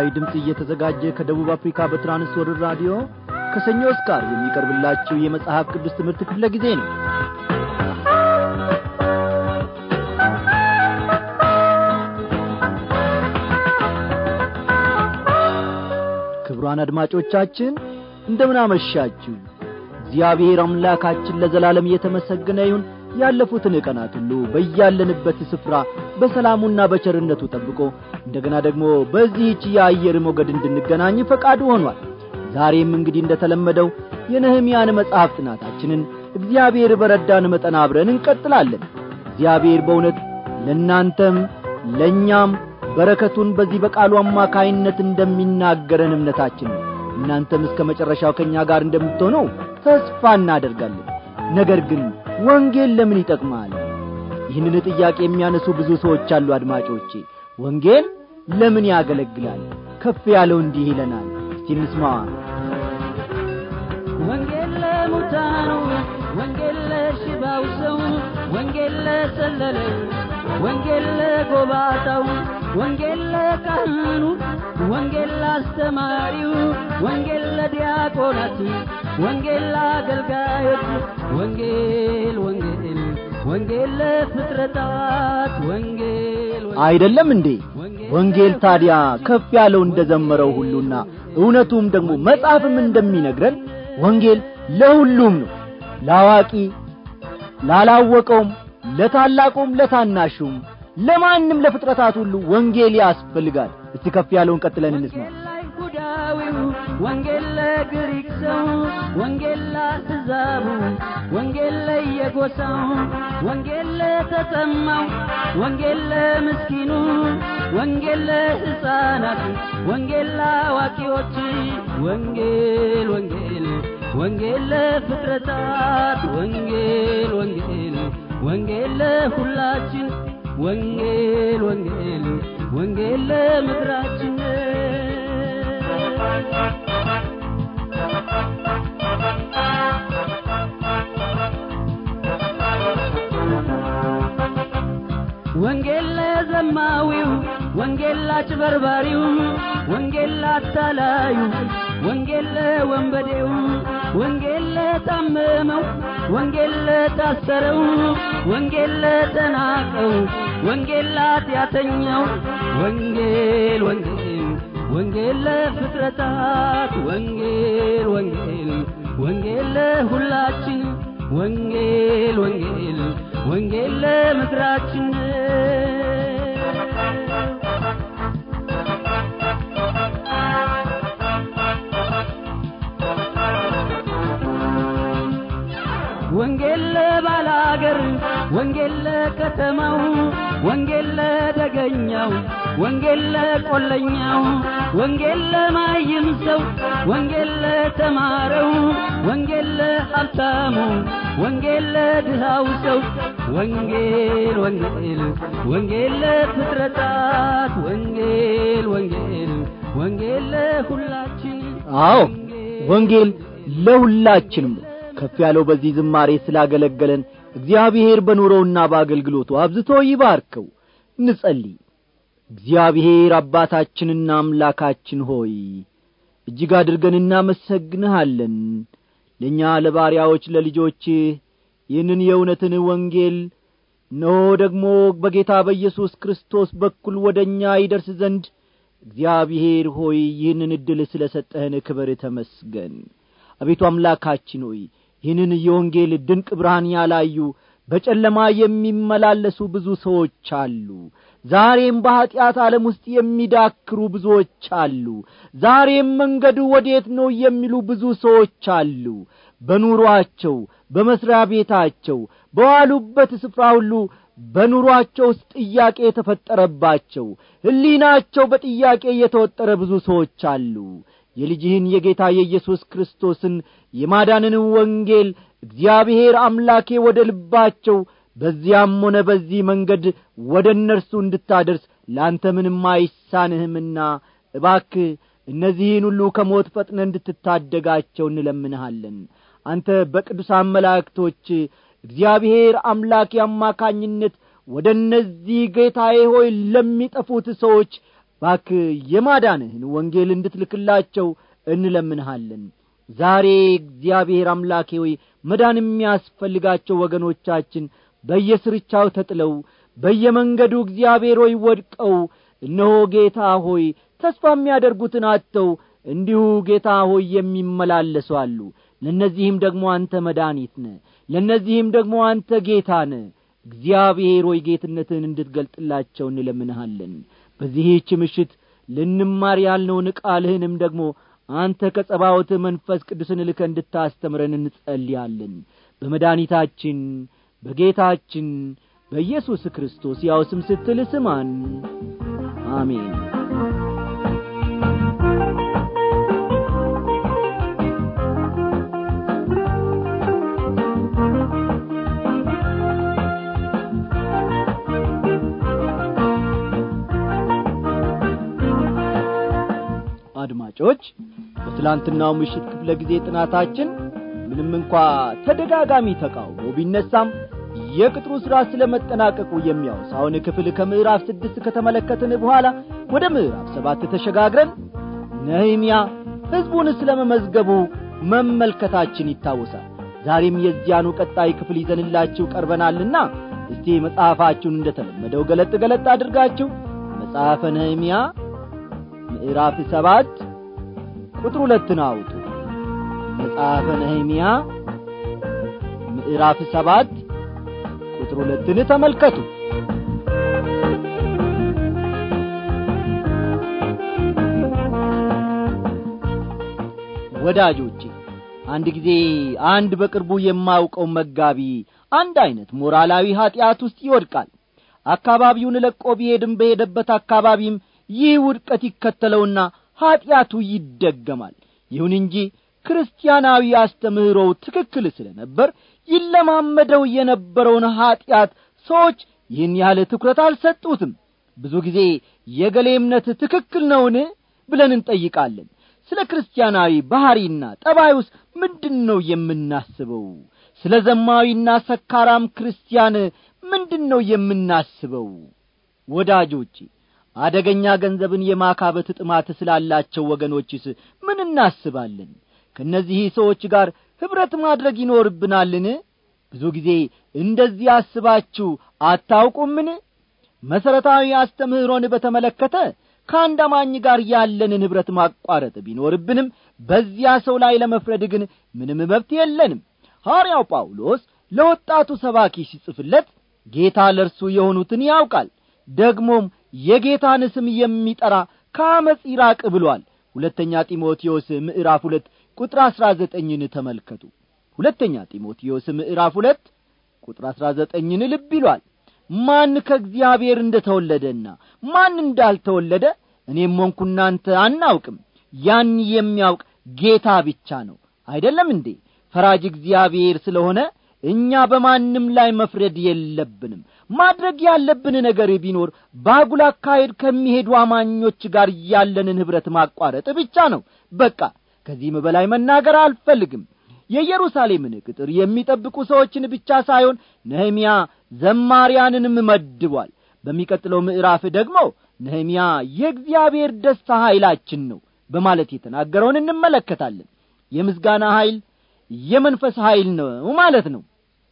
ለአሜሪካዊ ድምፅ እየተዘጋጀ ከደቡብ አፍሪካ በትራንስ ወርልድ ራዲዮ ከሰኞ እስከ የሚቀርብላችሁ የመጽሐፍ ቅዱስ ትምህርት ክፍለ ጊዜ ነው። ክቡራን አድማጮቻችን እንደምን አመሻችሁ። እግዚአብሔር አምላካችን ለዘላለም እየተመሰገነ ይሁን። ያለፉትን ቀናት ሁሉ በያለንበት ስፍራ በሰላሙና በቸርነቱ ጠብቆ እንደገና ደግሞ በዚህች የአየር ሞገድ እንድንገናኝ ፈቃዱ ሆኗል ዛሬም እንግዲህ እንደተለመደው የነህምያን መጽሐፍ ጥናታችንን እግዚአብሔር በረዳን መጠን አብረን እንቀጥላለን እግዚአብሔር በእውነት ለእናንተም ለእኛም በረከቱን በዚህ በቃሉ አማካይነት እንደሚናገረን እምነታችን ነው እናንተም እስከ መጨረሻው ከእኛ ጋር እንደምትሆነው ተስፋ እናደርጋለን ነገር ግን ወንጌል ለምን ይጠቅማል ይህንን ጥያቄ የሚያነሱ ብዙ ሰዎች አሉ አድማጮቼ ወንጌል ለምን ያገለግላል ከፍ ያለው እንዲህ ይለናል እስቲ እንስማ ወንጌል ለሙታኑ ወንጌል ለሽባው ሰው ወንጌል ለሰለለ ወንጌል ለጎባጣው ወንጌል ለካህኑ ወንጌል ለአስተማሪው ወንጌል ለዲያቆናት ወንጌል ለአገልጋዮች ወንጌል ወንጌል አይደለም እንዴ ወንጌል ታዲያ ከፍ ያለው እንደዘመረው ሁሉና እውነቱም ደግሞ መጽሐፍም እንደሚነግረን ወንጌል ለሁሉም ነው ለአዋቂ ላላወቀውም ለታላቁም ለታናሹም ለማንም ለፍጥረታት ሁሉ ወንጌል ያስፈልጋል እስቲ ከፍ ያለውን ቀጥለን እንስማ ወንጌል ለግሪክ ሰው ወንጌል ለአሕዛቡ ወንጌል ለየጎሳው ወንጌል ለተጠማው ወንጌል ለምስኪኑ ወንጌል ለሕፃናት ወንጌል ለአዋቂዎች ወንጌል ወንጌል ወንጌል ለፍጥረታት ወንጌል ወንጌል ወንጌል ለሁላችን ወንጌል ወንጌል ወንጌል ለምድራችን ወንጌል ለዘማዊው ወንጌል ላጭበርባሪው ወንጌል ላታላዩ ወንጌል ለወንበዴው ወንጌል ለታመመው ወንጌል ለታሰረው ወንጌል ለተናቀው ወንጌል ላትያተኛው ወንጌል ወንጌል ወንጌል ለፍጥረታት ወንጌል ወንጌል ወንጌል ለሁላችን ወንጌል ወንጌል ወንጌል ለምድራችን ወንጌል ለባላገር ወንጌል ለከተማው ወንጌል ለደገኛው ወንጌል ለቆለኛው ወንጌል ለማይም ሰው ወንጌል ለተማረው ወንጌል ለሀብታሙ ወንጌል ለድሃው ሰው ወንጌል ወንጌል ወንጌል ለፍጥረታት ወንጌል ወንጌል ወንጌል ለሁላችን አዎ ወንጌል ለሁላችንም ከፍ ያለው በዚህ ዝማሬ ስላገለገለን እግዚአብሔር በኑሮውና በአገልግሎቱ አብዝቶ ይባርከው ንጸልይ እግዚአብሔር አባታችንና አምላካችን ሆይ እጅግ አድርገን እናመሰግንሃለን ለእኛ ለባሪያዎች ለልጆች ይህንን የእውነትን ወንጌል እነሆ ደግሞ በጌታ በኢየሱስ ክርስቶስ በኩል ወደ እኛ ይደርስ ዘንድ እግዚአብሔር ሆይ ይህንን ዕድል ስለ ሰጠህን ክብር ተመስገን አቤቱ አምላካችን ሆይ ይህንን የወንጌል ድንቅ ብርሃን ያላዩ በጨለማ የሚመላለሱ ብዙ ሰዎች አሉ ዛሬም በኀጢአት ዓለም ውስጥ የሚዳክሩ ብዙዎች አሉ። ዛሬም መንገዱ ወዴት ነው የሚሉ ብዙ ሰዎች አሉ። በኑሯቸው በመሥሪያ ቤታቸው፣ በዋሉበት ስፍራ ሁሉ በኑሮአቸው ውስጥ ጥያቄ የተፈጠረባቸው ሕሊናቸው በጥያቄ የተወጠረ ብዙ ሰዎች አሉ። የልጅህን የጌታ የኢየሱስ ክርስቶስን የማዳንን ወንጌል እግዚአብሔር አምላኬ ወደ ልባቸው በዚያም ሆነ በዚህ መንገድ ወደ እነርሱ እንድታደርስ ላንተ ምንም አይሳንህምና እባክ እነዚህን ሁሉ ከሞት ፈጥነ እንድትታደጋቸው እንለምንሃለን አንተ በቅዱሳን መላእክቶች እግዚአብሔር አምላክ የአማካኝነት ወደ እነዚህ ጌታዬ ሆይ ለሚጠፉት ሰዎች ባክ የማዳንህን ወንጌል እንድትልክላቸው እንለምንሃለን ዛሬ እግዚአብሔር አምላኬ ሆይ መዳን የሚያስፈልጋቸው ወገኖቻችን በየስርቻው ተጥለው በየመንገዱ እግዚአብሔር ሆይ ወድቀው እነሆ ጌታ ሆይ ተስፋ የሚያደርጉትን አጥተው እንዲሁ ጌታ ሆይ የሚመላለሱ አሉ ለእነዚህም ደግሞ አንተ መድኃኒት ነ ለእነዚህም ደግሞ አንተ ጌታ ነ እግዚአብሔር ሆይ ጌትነትን እንድትገልጥላቸው እንለምንሃለን በዚህች ምሽት ልንማር ያልነውን ቃልህንም ደግሞ አንተ ከጸባወት መንፈስ ቅዱስን ልከ እንድታስተምረን እንጸልያለን በመድኒታችን በጌታችን በኢየሱስ ክርስቶስ ያው ስም ስትል ስማን። አሜን። አድማጮች በትላንትናው ምሽት ክፍለ ጊዜ ጥናታችን ምንም እንኳ ተደጋጋሚ ተቃውሞ ቢነሳም የቅጥሩ ሥራ ስለ መጠናቀቁ የሚያውሳውን ክፍል ከምዕራፍ ስድስት ከተመለከትን በኋላ ወደ ምዕራፍ ሰባት ተሸጋግረን ነህምያ ሕዝቡን ስለ መመዝገቡ መመልከታችን ይታወሳል ዛሬም የዚያኑ ቀጣይ ክፍል ይዘንላችሁ ቀርበናልና እስቲ መጽሐፋችሁን እንደተለመደው ገለጥ ገለጥ አድርጋችሁ መጽሐፈ ነህምያ ምዕራፍ ሰባት ቁጥር ሁለትን አውጡ መጽሐፈ ነህምያ ምዕራፍ ሰባት ቁጥር ሁለትን ተመልከቱ ወዳጆቼ አንድ ጊዜ አንድ በቅርቡ የማውቀው መጋቢ አንድ ዐይነት ሞራላዊ ኀጢአት ውስጥ ይወድቃል አካባቢውን ለቆ ቢሄድም በሄደበት አካባቢም ይህ ውድቀት ይከተለውና ኀጢአቱ ይደገማል ይሁን እንጂ ክርስቲያናዊ አስተምህሮው ትክክል ስለ ነበር ይለማመደው የነበረውን ኀጢአት ሰዎች ይህን ያህል ትኩረት አልሰጡትም ብዙ ጊዜ የገሌ እምነት ትክክል ነውን ብለን እንጠይቃለን ስለ ክርስቲያናዊ ባሕሪና ጠባይ ውስጥ ምንድን ነው የምናስበው ስለ ዘማዊና ሰካራም ክርስቲያን ምንድን ነው የምናስበው ወዳጆች አደገኛ ገንዘብን የማካበት ጥማት ስላላቸው ወገኖችስ ምን እናስባለን ከእነዚህ ሰዎች ጋር ኅብረት ማድረግ ይኖርብናልን ብዙ ጊዜ እንደዚህ አስባችሁ አታውቁምን መሠረታዊ አስተምህሮን በተመለከተ ከአንድ አማኝ ጋር ያለንን ኅብረት ማቋረጥ ቢኖርብንም በዚያ ሰው ላይ ለመፍረድ ግን ምንም መብት የለንም ሐርያው ጳውሎስ ለወጣቱ ሰባኪ ሲጽፍለት ጌታ ለእርሱ የሆኑትን ያውቃል ደግሞም የጌታን ስም የሚጠራ ከአመፅ ይራቅ ብሏል ሁለተኛ ጢሞቴዎስ ምዕራፍ ሁለት ቁጥር አሥራ ዘጠኝን ተመልከቱ ሁለተኛ ጢሞቴዎስ ምዕራፍ ሁለት ቁጥር አሥራ ዘጠኝን ልብ ይሏል ማን ከእግዚአብሔር እንደ ተወለደና ማን እንዳልተወለደ እኔም ሆንኩ እናንተ አናውቅም ያን የሚያውቅ ጌታ ብቻ ነው አይደለም እንዴ ፈራጅ እግዚአብሔር ስለሆነ እኛ በማንም ላይ መፍረድ የለብንም ማድረግ ያለብን ነገር ቢኖር በአጉል አካሄድ ከሚሄዱ አማኞች ጋር ያለንን ኅብረት ማቋረጥ ብቻ ነው በቃ ከዚህም በላይ መናገር አልፈልግም የኢየሩሳሌምን ቅጥር የሚጠብቁ ሰዎችን ብቻ ሳይሆን ነህምያ ዘማሪያንንም መድቧል በሚቀጥለው ምዕራፍ ደግሞ ነህምያ የእግዚአብሔር ደስታ ኀይላችን ነው በማለት የተናገረውን እንመለከታለን የምስጋና ኀይል የመንፈስ ኀይል ነው ማለት ነው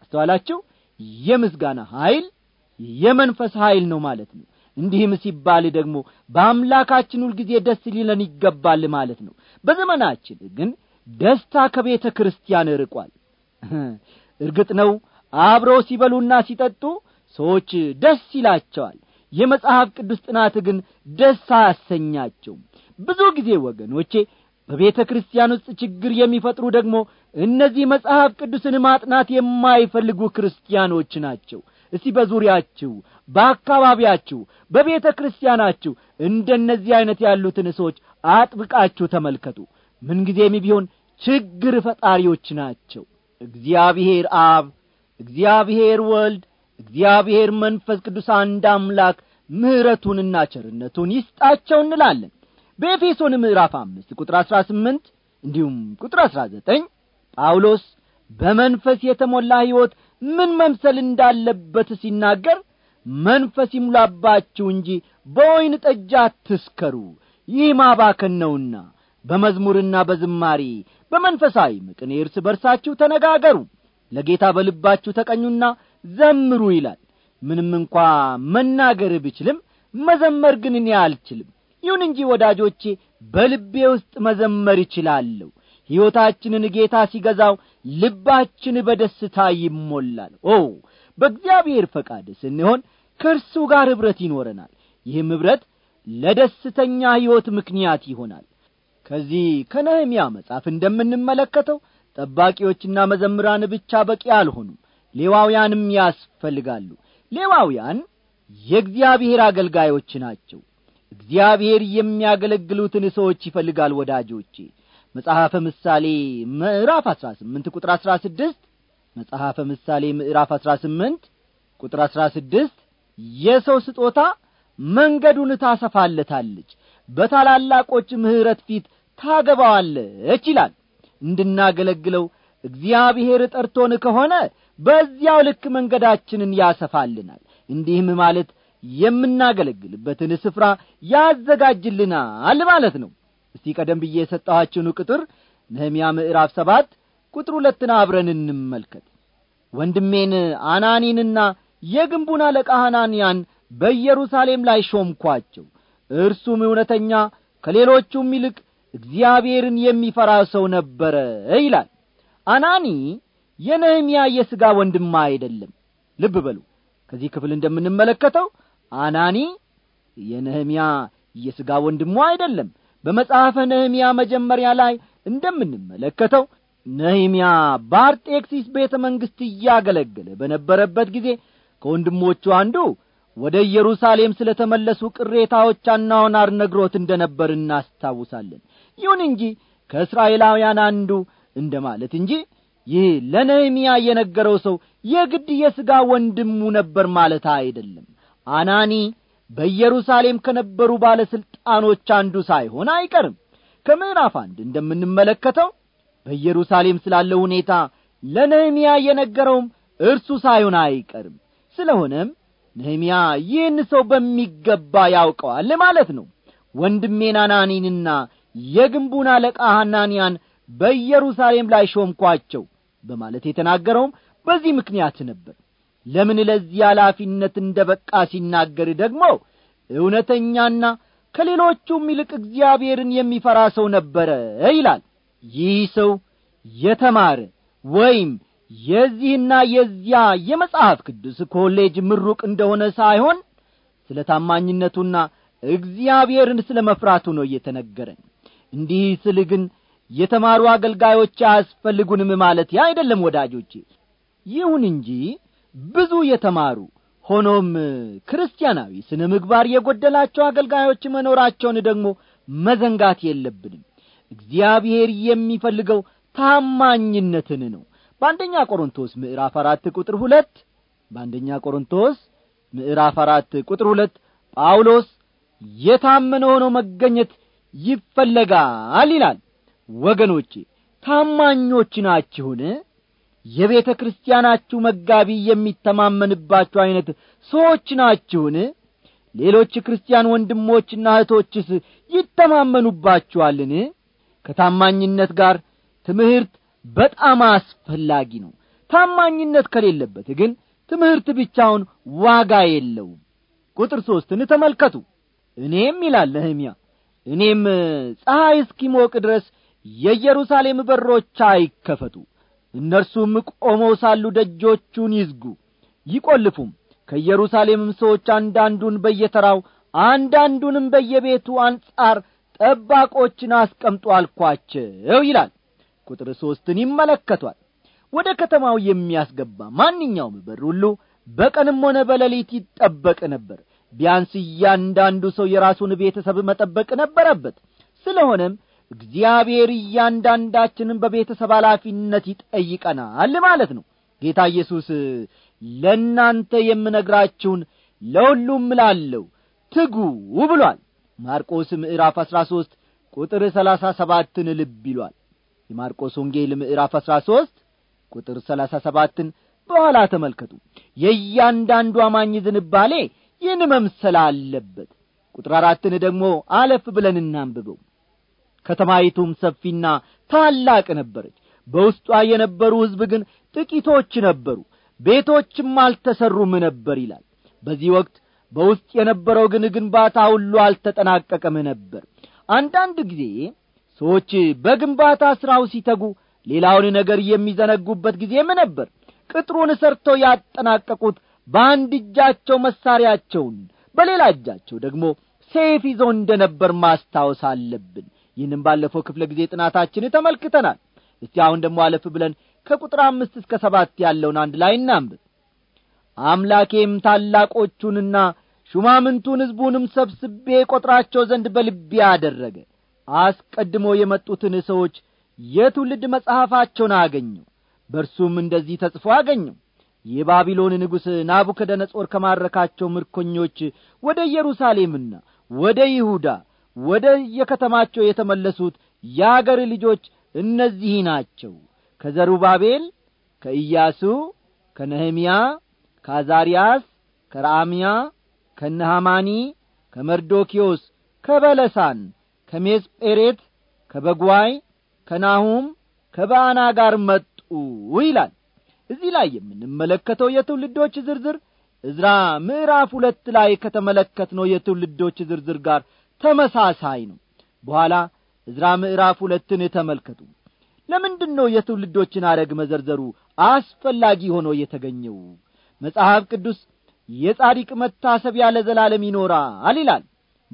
አስተዋላችሁ የምስጋና ኃይል የመንፈስ ኃይል ነው ማለት ነው እንዲህም ሲባል ደግሞ በአምላካችን ሁልጊዜ ደስ ሊለን ይገባል ማለት ነው በዘመናችን ግን ደስታ ከቤተ ክርስቲያን ርቋል እርግጥ ነው አብረው ሲበሉና ሲጠጡ ሰዎች ደስ ይላቸዋል የመጽሐፍ ቅዱስ ጥናት ግን ደስ አያሰኛቸውም ብዙ ጊዜ ወገኖቼ በቤተ ክርስቲያን ውስጥ ችግር የሚፈጥሩ ደግሞ እነዚህ መጽሐፍ ቅዱስን ማጥናት የማይፈልጉ ክርስቲያኖች ናቸው እስቲ በዙሪያችሁ በአካባቢያችሁ በቤተ ክርስቲያናችሁ እንደነዚህ ዐይነት ያሉትን ሰዎች አጥብቃችሁ ተመልከቱ ምንጊዜም ቢሆን ችግር ፈጣሪዎች ናቸው እግዚአብሔር አብ እግዚአብሔር ወልድ እግዚአብሔር መንፈስ ቅዱስ አንድ አምላክ ምሕረቱንና ቸርነቱን ይስጣቸው እንላለን በኤፌሶን ምዕራፍ አምስት ቁጥር አሥራ ስምንት እንዲሁም ቁጥር አሥራ ዘጠኝ ጳውሎስ በመንፈስ የተሞላ ሕይወት ምን መምሰል እንዳለበት ሲናገር መንፈስ ይሙላባችሁ እንጂ በወይን ጠጃ ትስከሩ ይህ ማባከን ነውና በመዝሙርና በዝማሬ በመንፈሳዊ ምቅኔ እርስ በርሳችሁ ተነጋገሩ፣ ለጌታ በልባችሁ ተቀኙና ዘምሩ ይላል። ምንም እንኳ መናገር ብችልም መዘመር ግን እኔ አልችልም። ይሁን እንጂ ወዳጆቼ በልቤ ውስጥ መዘመር ይችላለሁ ሕይወታችንን ጌታ ሲገዛው ልባችን በደስታ ይሞላል ኦ በእግዚአብሔር ፈቃድ ስንሆን ከእርሱ ጋር ኅብረት ይኖረናል ይህም ኅብረት ለደስተኛ ሕይወት ምክንያት ይሆናል ከዚህ ከነህምያ መጻፍ እንደምንመለከተው ጠባቂዎችና መዘምራን ብቻ በቂ አልሆኑም ሌዋውያንም ያስፈልጋሉ ሌዋውያን የእግዚአብሔር አገልጋዮች ናቸው እግዚአብሔር የሚያገለግሉትን ሰዎች ይፈልጋል ወዳጆቼ መጽሐፈ ምሳሌ ምዕራፍ አሥራ ስምንት ቁጥር አሥራ ስድስት መጽሐፈ ምሳሌ ምዕራፍ አሥራ ስምንት ቁጥር አሥራ ስድስት የሰው ስጦታ መንገዱን ታሰፋለታለች በታላላቆች ምሕረት ፊት ታገባዋለች ይላል እንድናገለግለው እግዚአብሔር ጠርቶን ከሆነ በዚያው ልክ መንገዳችንን ያሰፋልናል እንዲህም ማለት የምናገለግልበትን ስፍራ ያዘጋጅልናል ማለት ነው እስቲ ቀደም ብዬ የሰጠኋችሁን ቁጥር ነህምያ ምዕራፍ ሰባት ቁጥር ሁለትን አብረን እንመልከት ወንድሜን አናኒንና የግንቡን አለቃ ሐናንያን በኢየሩሳሌም ላይ ሾምኳቸው እርሱም እውነተኛ ከሌሎቹም ይልቅ እግዚአብሔርን የሚፈራ ሰው ነበረ ይላል አናኒ የነህምያ የሥጋ ወንድማ አይደለም ልብ በሉ ከዚህ ክፍል እንደምንመለከተው አናኒ የነህምያ የሥጋ ወንድሙ አይደለም በመጽሐፈ ነህምያ መጀመሪያ ላይ እንደምንመለከተው ነህምያ በአርጤክሲስ ቤተ መንግሥት እያገለገለ በነበረበት ጊዜ ከወንድሞቹ አንዱ ወደ ኢየሩሳሌም ስለ ተመለሱ ቅሬታዎች አናሆናር ነግሮት እንደ ነበር እናስታውሳለን ይሁን እንጂ ከእስራኤላውያን አንዱ እንደ ማለት እንጂ ይህ ለነህምያ የነገረው ሰው የግድ የሥጋ ወንድሙ ነበር ማለት አይደለም አናኒ በኢየሩሳሌም ከነበሩ ባለ ሥልጣኖች አንዱ ሳይሆን አይቀርም ከምዕራፍ አንድ እንደምንመለከተው በኢየሩሳሌም ስላለው ሁኔታ ለነህምያ የነገረውም እርሱ ሳይሆን አይቀርም ስለሆነም ነህምያ ይህን ሰው በሚገባ ያውቀዋል ማለት ነው ወንድሜን አናኒንና የግንቡን አለቃ ሐናንያን በኢየሩሳሌም ላይ ሾምኳቸው በማለት የተናገረውም በዚህ ምክንያት ነበር ለምን ለዚህ ኃላፊነት እንደ በቃ ሲናገር ደግሞ እውነተኛና ከሌሎቹም ይልቅ እግዚአብሔርን የሚፈራ ሰው ነበረ ይላል ይህ ሰው የተማረ ወይም የዚህና የዚያ የመጽሐፍ ቅዱስ ኮሌጅ ምሩቅ እንደሆነ ሳይሆን ስለ ታማኝነቱና እግዚአብሔርን ስለ መፍራቱ ነው እየተነገረን እንዲህ ስል ግን የተማሩ አገልጋዮች አያስፈልጉንም ማለት አይደለም ወዳጆቼ ይሁን እንጂ ብዙ የተማሩ ሆኖም ክርስቲያናዊ ስነ ምግባር የጐደላቸው አገልጋዮች መኖራቸውን ደግሞ መዘንጋት የለብንም እግዚአብሔር የሚፈልገው ታማኝነትን ነው በአንደኛ ቆሮንቶስ ምዕራፍ አራት ቁጥር ሁለት በአንደኛ ቆሮንቶስ ምዕራፍ አራት ቁጥር ሁለት ጳውሎስ የታመነ ሆኖ መገኘት ይፈለጋል ይላል ወገኖቼ ታማኞች ናችሁን የቤተ ክርስቲያናችሁ መጋቢ የሚተማመንባችሁ ዐይነት ሰዎች ናችሁን ሌሎች ክርስቲያን ወንድሞችና እህቶችስ ይተማመኑባችኋልን ከታማኝነት ጋር ትምህርት በጣም አስፈላጊ ነው ታማኝነት ከሌለበት ግን ትምህርት ብቻውን ዋጋ የለውም ቁጥር ሦስትን ተመልከቱ እኔም ይላል ነህምያ እኔም ፀሐይ እስኪሞቅ ድረስ የኢየሩሳሌም በሮች አይከፈቱ እነርሱም ቆመው ሳሉ ደጆቹን ይዝጉ ይቈልፉም ከኢየሩሳሌምም ሰዎች አንዳንዱን በየተራው አንዳንዱንም በየቤቱ አንጻር ጠባቆችን አስቀምጦ አልኳቸው ይላል ቁጥር ሦስትን ይመለከቷል ወደ ከተማው የሚያስገባ ማንኛውም በር ሁሉ በቀንም ሆነ በሌሊት ይጠበቅ ነበር ቢያንስ እያንዳንዱ ሰው የራሱን ቤተሰብ መጠበቅ ነበረበት ስለሆነም እግዚአብሔር እያንዳንዳችንን በቤተሰብ ኃላፊነት ይጠይቀናል ማለት ነው ጌታ ኢየሱስ ለእናንተ የምነግራችሁን ለሁሉም እላለሁ ትጉ ብሏል ማርቆስ ምዕራፍ አሥራ ሦስት ቁጥር ሰላሳ ሰባትን ልብ ይሏል የማርቆስ ወንጌል ምዕራፍ አሥራ ሦስት ቁጥር ሰላሳ ሰባትን በኋላ ተመልከቱ የእያንዳንዱ አማኝ ዝንባሌ ይህን መምሰል አለበት ቁጥር አራትን ደግሞ አለፍ ብለን እናንብበው ከተማይቱም ሰፊና ታላቅ ነበረች በውስጧ የነበሩ ሕዝብ ግን ጥቂቶች ነበሩ ቤቶችም አልተሠሩም ነበር ይላል በዚህ ወቅት በውስጥ የነበረው ግን ግንባታ ሁሉ አልተጠናቀቀም ነበር አንዳንድ ጊዜ ሰዎች በግንባታ ሥራው ሲተጉ ሌላውን ነገር የሚዘነጉበት ጊዜም ነበር ቅጥሩን ሰርተው ያጠናቀቁት በአንድ እጃቸው መሣሪያቸውን በሌላ እጃቸው ደግሞ ሴፍ ይዞ እንደ ነበር ማስታወስ አለብን ይህንም ባለፈው ክፍለ ጊዜ ጥናታችን ተመልክተናል እስቲ አሁን ደግሞ አለፍ ብለን ከቁጥር አምስት እስከ ሰባት ያለውን አንድ ላይ እናንብብ አምላኬም ታላቆቹንና ሹማምንቱን ሕዝቡንም ሰብስቤ ቈጥራቸው ዘንድ በልቤ አደረገ አስቀድሞ የመጡትን ሰዎች የትውልድ መጽሐፋቸውን አገኘው በእርሱም እንደዚህ ተጽፎ አገኘው የባቢሎን ንጉሥ ናቡከደነጾር ከማረካቸው ምርኮኞች ወደ ኢየሩሳሌምና ወደ ይሁዳ ወደ የከተማቸው የተመለሱት የአገር ልጆች እነዚህ ናቸው ከዘሩባቤል ከኢያሱ ከነህምያ ከአዛርያስ ከራአምያ ከነሐማኒ ከመርዶኪዮስ ከበለሳን ከሜስጴሬት ከበጓይ ከናሁም ከበአና ጋር መጡ ይላል እዚህ ላይ የምንመለከተው የትውልዶች ዝርዝር እዝራ ምዕራፍ ሁለት ላይ ከተመለከትነው የትውልዶች ዝርዝር ጋር ተመሳሳይ ነው በኋላ ዕዝራ ምዕራፍ ሁለትን ተመልከቱ ለምንድን ነው የትውልዶችን አረግ መዘርዘሩ አስፈላጊ ሆኖ የተገኘው መጽሐፍ ቅዱስ የጻዲቅ መታሰቢያ ለዘላለም ይኖራል ይላል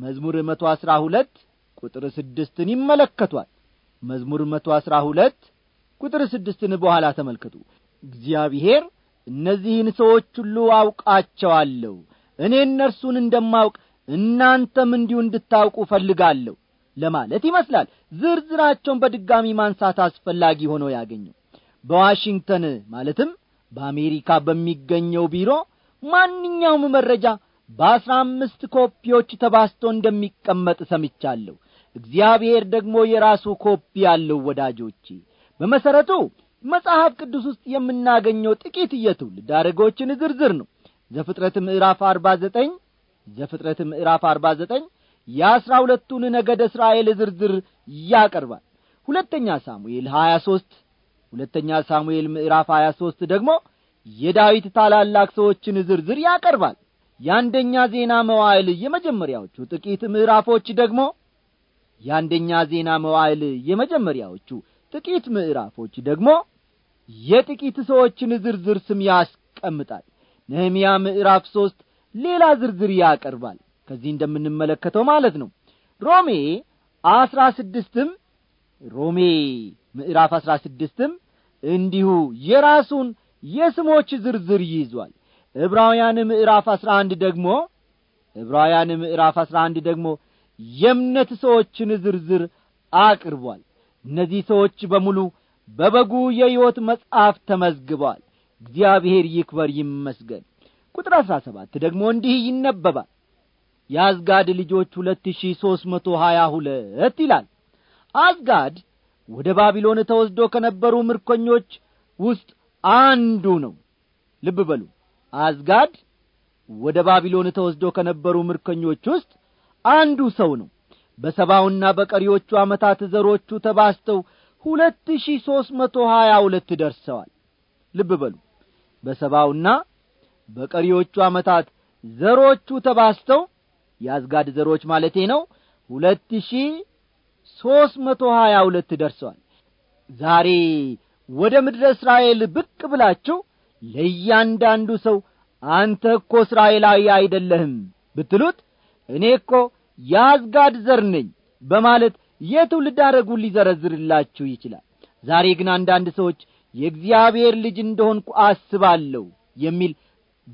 መዝሙር መቶ አሥራ ሁለት ቁጥር ስድስትን ይመለከቷል መዝሙር መቶ አሥራ ሁለት ቁጥር ስድስትን በኋላ ተመልከቱ እግዚአብሔር እነዚህን ሰዎች ሁሉ አውቃቸዋለሁ እኔ እነርሱን እንደማውቅ እናንተም እንዲሁ እንድታውቁ ፈልጋለሁ ለማለት ይመስላል ዝርዝራቸውን በድጋሚ ማንሳት አስፈላጊ ሆኖ ያገኘው በዋሽንግተን ማለትም በአሜሪካ በሚገኘው ቢሮ ማንኛውም መረጃ በአስራ አምስት ኮፒዎች ተባስቶ እንደሚቀመጥ ሰምቻለሁ እግዚአብሔር ደግሞ የራሱ ኮፒ አለው ወዳጆቼ በመሠረቱ መጽሐፍ ቅዱስ ውስጥ የምናገኘው ጥቂት እየትውልድ አደረጎችን ዝርዝር ነው ዘፍጥረት ምዕራፍ አርባ ዘጠኝ ዘፍጥረት ምዕራፍ አርባ ዘጠኝ የአሥራ ሁለቱን ነገደ እስራኤል ዝርዝር ያቀርባል ሁለተኛ ሳሙኤል ሀያ ሦስት ሁለተኛ ሳሙኤል ምዕራፍ ሀያ ሦስት ደግሞ የዳዊት ታላላቅ ሰዎችን ዝርዝር ያቀርባል የአንደኛ ዜና መዋይል የመጀመሪያዎቹ ጥቂት ምዕራፎች ደግሞ የአንደኛ ዜና መዋይል የመጀመሪያዎቹ ጥቂት ምዕራፎች ደግሞ የጥቂት ሰዎችን ዝርዝር ስም ያስቀምጣል ነህምያ ምዕራፍ ሦስት ሌላ ዝርዝር ያቀርባል ከዚህ እንደምንመለከተው ማለት ነው ሮሜ አስራ ስድስትም ሮሜ ምዕራፍ አስራ ስድስትም እንዲሁ የራሱን የስሞች ዝርዝር ይዟል ዕብራውያን ምዕራፍ አስራ አንድ ደግሞ ዕብራውያን ምዕራፍ አስራ አንድ ደግሞ የእምነት ሰዎችን ዝርዝር አቅርቧል እነዚህ ሰዎች በሙሉ በበጉ የሕይወት መጽሐፍ ተመዝግበዋል እግዚአብሔር ይክበር ይመስገን ቁጥር አሥራ ሰባት ደግሞ እንዲህ ይነበባል የአዝጋድ ልጆች ሁለት ሺ ሦስት መቶ ሀያ ሁለት ይላል አዝጋድ ወደ ባቢሎን ተወስዶ ከነበሩ ምርኮኞች ውስጥ አንዱ ነው ልብ በሉ አዝጋድ ወደ ባቢሎን ተወስዶ ከነበሩ ምርኮኞች ውስጥ አንዱ ሰው ነው በሰባውና በቀሪዎቹ ዓመታት ዘሮቹ ተባስተው ሁለት ሺ ሦስት መቶ ሀያ ሁለት ደርሰዋል ልብ በሉ በሰባውና በቀሪዎቹ ዓመታት ዘሮቹ ተባስተው የአዝጋድ ዘሮች ማለቴ ነው ሁለት ሺ ሦስት መቶ ሀያ ሁለት ደርሰዋል ዛሬ ወደ ምድረ እስራኤል ብቅ ብላችሁ ለእያንዳንዱ ሰው አንተ እኮ እስራኤላዊ አይደለህም ብትሉት እኔ እኮ የአዝጋድ ዘር ነኝ በማለት የትውልድ አረጉን ሊዘረዝርላችሁ ይችላል ዛሬ ግን አንዳንድ ሰዎች የእግዚአብሔር ልጅ እንደሆንኩ አስባለሁ የሚል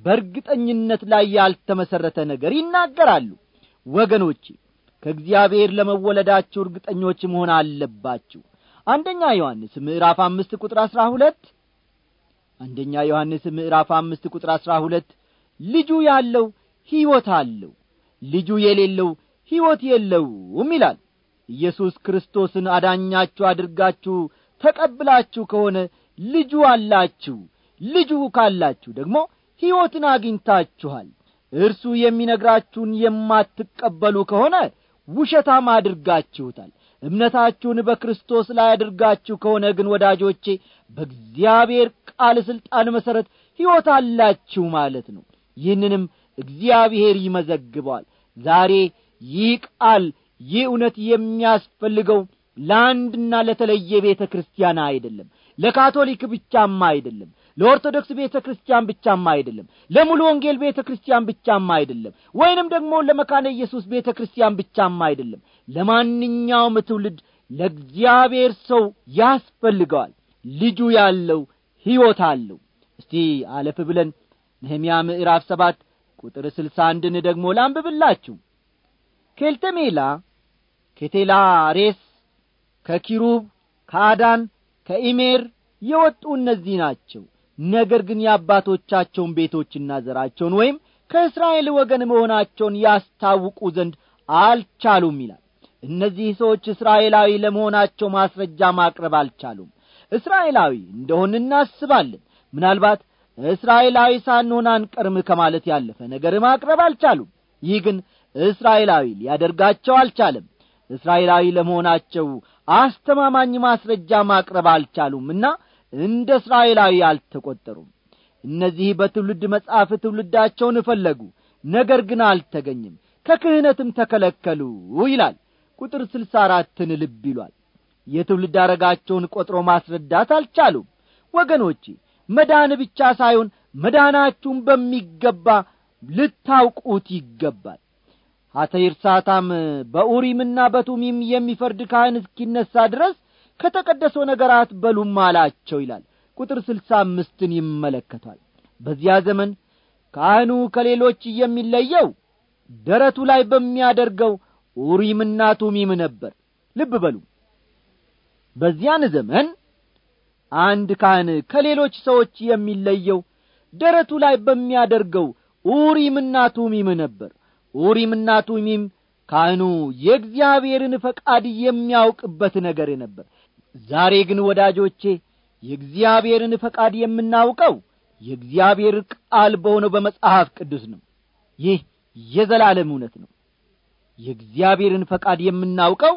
በእርግጠኝነት ላይ ያልተመሠረተ ነገር ይናገራሉ ወገኖቼ ከእግዚአብሔር ለመወለዳችሁ እርግጠኞች መሆን አለባችሁ አንደኛ ዮሐንስ ምዕራፍ አምስት ቁጥር አሥራ ሁለት አንደኛ ዮሐንስ ምዕራፍ አምስት ቁጥር አሥራ ሁለት ልጁ ያለው ሕይወት አለው ልጁ የሌለው ሕይወት የለውም ይላል ኢየሱስ ክርስቶስን አዳኛችሁ አድርጋችሁ ተቀብላችሁ ከሆነ ልጁ አላችሁ ልጁ ካላችሁ ደግሞ ሕይወትን አግኝታችኋል እርሱ የሚነግራችሁን የማትቀበሉ ከሆነ ውሸታም አድርጋችሁታል እምነታችሁን በክርስቶስ ላይ አድርጋችሁ ከሆነ ግን ወዳጆቼ በእግዚአብሔር ቃል ሥልጣን መሠረት ሕይወት አላችሁ ማለት ነው ይህንንም እግዚአብሔር ይመዘግበዋል ዛሬ ይህ ቃል ይህ እውነት የሚያስፈልገው ለአንድና ለተለየ ቤተ ክርስቲያን አይደለም ለካቶሊክ ብቻም አይደለም ለኦርቶዶክስ ቤተ ክርስቲያን ብቻም አይደለም፣ ለሙሉ ወንጌል ቤተ ክርስቲያን ብቻም አይደለም፣ ወይንም ደግሞ ለመካነ ኢየሱስ ቤተ ክርስቲያን ብቻም አይደለም። ለማንኛውም ትውልድ ለእግዚአብሔር ሰው ያስፈልገዋል። ልጁ ያለው ሕይወት አለው። እስቲ አለፍ ብለን ነህምያ ምዕራፍ ሰባት ቁጥር ስልሳ አንድን ደግሞ ላንብብላችሁ። ኬልተሜላ፣ ከቴላሬስ ሬስ፣ ከኪሩብ፣ ከአዳን፣ ከኢሜር የወጡ እነዚህ ናቸው። ነገር ግን የአባቶቻቸውን ቤቶችና ዘራቸውን ወይም ከእስራኤል ወገን መሆናቸውን ያስታውቁ ዘንድ አልቻሉም ይላል እነዚህ ሰዎች እስራኤላዊ ለመሆናቸው ማስረጃ ማቅረብ አልቻሉም እስራኤላዊ እንደሆን እናስባለን ምናልባት እስራኤላዊ ሳንሆን አንቀርም ከማለት ያለፈ ነገር ማቅረብ አልቻሉም ይህ ግን እስራኤላዊ ሊያደርጋቸው አልቻለም እስራኤላዊ ለመሆናቸው አስተማማኝ ማስረጃ ማቅረብ አልቻሉምና እንደ እስራኤላዊ አልተቈጠሩም እነዚህ በትውልድ መጽሐፍ ትውልዳቸውን እፈለጉ ነገር ግን አልተገኝም ከክህነትም ተከለከሉ ይላል ቁጥር ስልሳ አራትን ልብ ይሏል የትውልድ አረጋቸውን ቈጥሮ ማስረዳት አልቻሉም ወገኖቼ መዳን ብቻ ሳይሆን መዳናችሁን በሚገባ ልታውቁት ይገባል ሐተይርሳታም በኡሪምና በቱሚም የሚፈርድ ካህን እስኪነሣ ድረስ ከተቀደሰው ነገር አትበሉም አላቸው ይላል ቁጥር ስልሳ አምስትን ይመለከቷል በዚያ ዘመን ካህኑ ከሌሎች የሚለየው ደረቱ ላይ በሚያደርገው ኡሪምና ቱሚም ነበር ልብ በሉ በዚያን ዘመን አንድ ካህን ከሌሎች ሰዎች የሚለየው ደረቱ ላይ በሚያደርገው ኡሪምና ቱሚም ነበር ኡሪምና ቱሚም ካህኑ የእግዚአብሔርን ፈቃድ የሚያውቅበት ነገር ነበር ዛሬ ግን ወዳጆቼ የእግዚአብሔርን ፈቃድ የምናውቀው የእግዚአብሔር ቃል በሆነው በመጽሐፍ ቅዱስ ነው ይህ የዘላለም እውነት ነው የእግዚአብሔርን ፈቃድ የምናውቀው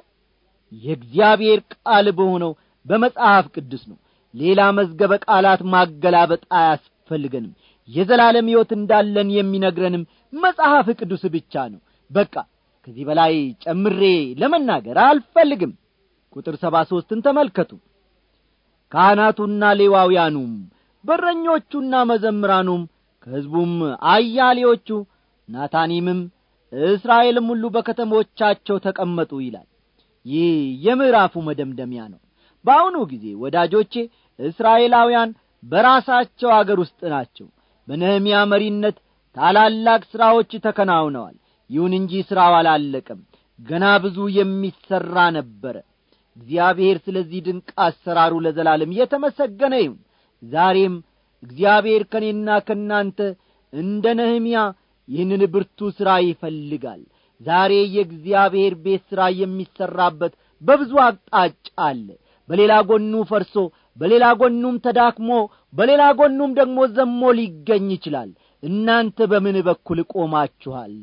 የእግዚአብሔር ቃል በሆነው በመጽሐፍ ቅዱስ ነው ሌላ መዝገበ ቃላት ማገላበጥ አያስፈልገንም የዘላለም ሕይወት እንዳለን የሚነግረንም መጽሐፍ ቅዱስ ብቻ ነው በቃ ከዚህ በላይ ጨምሬ ለመናገር አልፈልግም ቁጥር ሰባ ሦስትን ተመልከቱ ካህናቱና ሌዋውያኑም በረኞቹና መዘምራኑም ከሕዝቡም አያሌዎቹ ናታኒምም እስራኤልም ሁሉ በከተሞቻቸው ተቀመጡ ይላል ይህ የምዕራፉ መደምደሚያ ነው በአሁኑ ጊዜ ወዳጆቼ እስራኤላውያን በራሳቸው አገር ውስጥ ናቸው በነህምያ መሪነት ታላላቅ ሥራዎች ተከናውነዋል ይሁን እንጂ ሥራው አላለቀም ገና ብዙ የሚሠራ ነበረ እግዚአብሔር ስለዚህ ድንቅ አሰራሩ ለዘላለም የተመሰገነ ይሁን ዛሬም እግዚአብሔር ከእኔና ከእናንተ እንደ ነህምያ ይህንን ብርቱ ሥራ ይፈልጋል ዛሬ የእግዚአብሔር ቤት ሥራ የሚሠራበት በብዙ አቅጣጫ አለ በሌላ ጐኑ ፈርሶ በሌላ ጐኑም ተዳክሞ በሌላ ጐኑም ደግሞ ዘሞ ሊገኝ ይችላል እናንተ በምን በኩል ቆማችኋል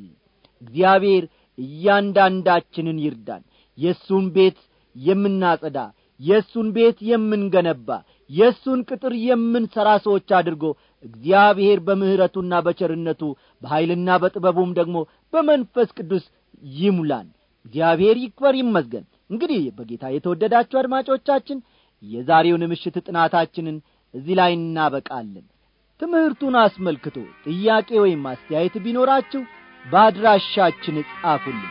እግዚአብሔር እያንዳንዳችንን ይርዳን የእሱን ቤት የምናጸዳ የእሱን ቤት የምንገነባ የእሱን ቅጥር የምንሠራ ሰዎች አድርጎ እግዚአብሔር በምሕረቱና በቸርነቱ በኀይልና በጥበቡም ደግሞ በመንፈስ ቅዱስ ይሙላን እግዚአብሔር ይክበር ይመዝገን እንግዲህ በጌታ የተወደዳችሁ አድማጮቻችን የዛሬውን ምሽት ጥናታችንን እዚህ ላይ እናበቃለን ትምህርቱን አስመልክቶ ጥያቄ ወይም አስተያየት ቢኖራችሁ በአድራሻችን ጻፉልን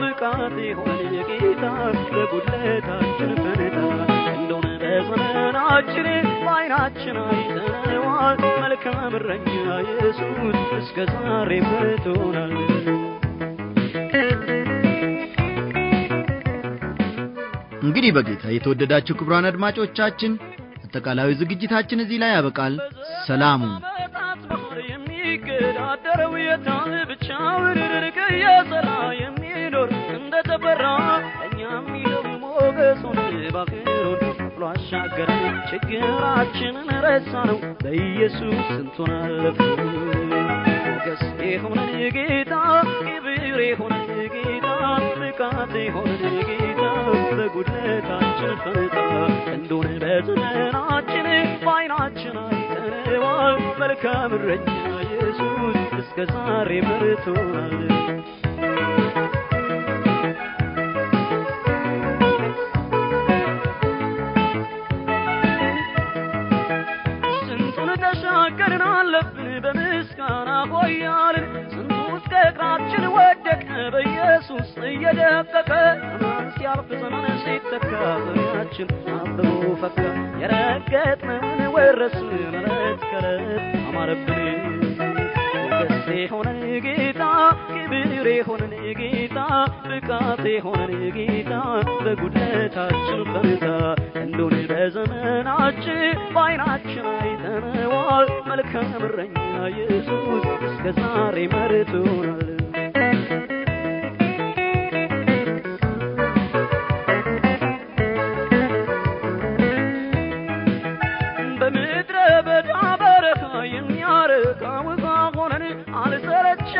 ብቃት ይሆን የጌታ ለጉድለታችን ፈንታ እንደሆነ በዘመናችን በአይናችን አይተነዋል። መልካም እረኛ ኢየሱስ እስከ ዛሬ ፈቶናል። እንግዲህ በጌታ የተወደዳችሁ ክቡራን አድማጮቻችን አጠቃላዊ ዝግጅታችን እዚህ ላይ ያበቃል። ሰላሙ የሚገዳደረው የታም ብቻ ውድድር ከየሰላ የሚ ስለተፈራ እኛም ይኸው ሞገሱን ባክሩን ብሎ አሻገረን ችግራችንን ረሳነው በኢየሱስ ስንቱን አለፍን ሞገስ የሆነ ጌታ ክብር የሆነ ጌታ ብቃት የሆነ ጌታ በጉድለታችን ፈንታ እንደሆነ በዘመናችን በዓይናችን አይተነዋል መልካም እረኛ ኢየሱስ እስከ ዛሬ መርቶናል እያልን ስንቱ እስከ እግራችን ወደቀ በኢየሱስ እየደቀቀ ዘመን ሲያልፍ ዘመን ሲተካ ፍሬያችን አብቦ ፈካ የረገጥነን ወረስን ዕለት ከዕለት አማረብን ደስ የሆነን ጌታ ክብር የሆነን ጌታ ብቃት የሆነን ጌታ በጉድለታችን ፈርታ እንዱን በዘመናችን በአይናችን አይተነዋል መልካም እረኛ ኢየሱስ እስከ ዛሬ መርቶናል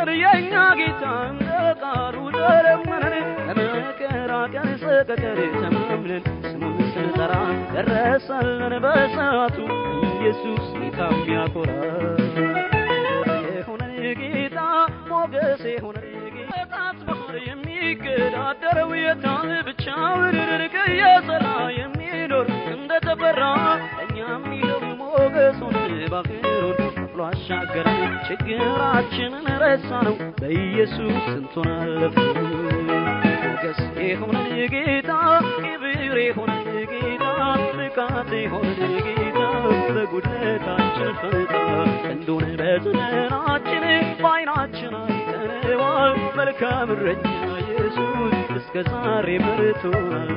ፍቅር የኛ ጌታ እንደ ቃሉ ለለመነን ለመከራ ቀን ሰቀቀን ተማምነን ስሙን ስንጠራ ደረሰልን በሰዓቱ ኢየሱስ ጌታ የሚያኮራ የሆነን ጌታ ሞገስ የሆነን ጌጣት ባህር የሚገዳደረው የታ ብቻውን ድርቅ እየሰራ የሚኖር እንደተፈራ እኛም ይለው ሞገሱን ባክሩን ተከፍሎ አሻገረን ችግራችንን ረሳ ነው በኢየሱስ ስንቱን አለፍን ሞገስ የሆነ ጌታ ክብር የሆነ ጌታ ብቃት የሆነ ጌታ በጉድለታችን ፈጣ እንዱን በጽናችን በዓይናችን አይተነዋል መልካም ረኛ ኢየሱስ እስከ ዛሬ መርቶናል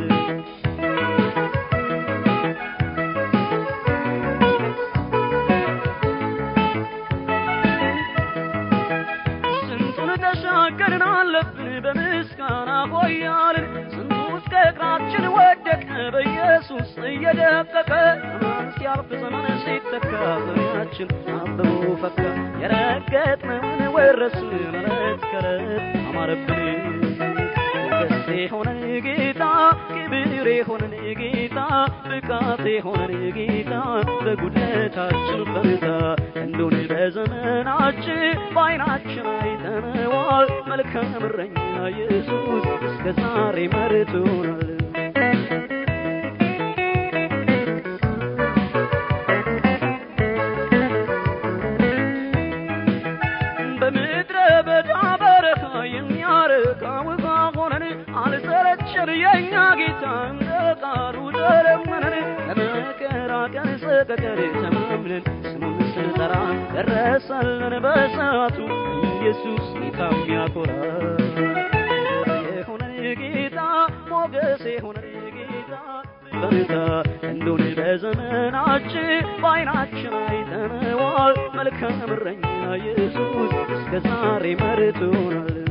ምስጋና ሆያልን ስንቱ እስከ እግራችን ወደቀ በኢየሱስ እየደቀቀ ዘመን ሲያልፍ ዘመን ሲተካ ዘሪያችን አብቦ ፈካ የረገጥነውን ወረስን ረት ከረት አማረብን ደስ የሆነን ጌታ ክብር የሆነን ጌታ ብቃት የሆነን ጌታ በጉድለታችን ፈንታ እንዶን በዘመናችን በዓይናችን አይተነዋል መልካም እረኛ ኢየሱስ እስከ ዛሬ መርቶናል የእኛ ጌታ እንደ ቃሉ ተለመነን ለመከራ ቀን ሰቀቀን ተማምነን ስሙን ስንጠራ ደረሰልን በሰዓቱ ኢየሱስ ጌታ የሚያኮራ የሆነን ጌታ ሞገስ የሆነን ጌታ በምታ እንደሆነ በዘመናችን በዓይናችን አይተነዋል። መልካም እረኛ ኢየሱስ እስከ ዛሬ መርቶናል።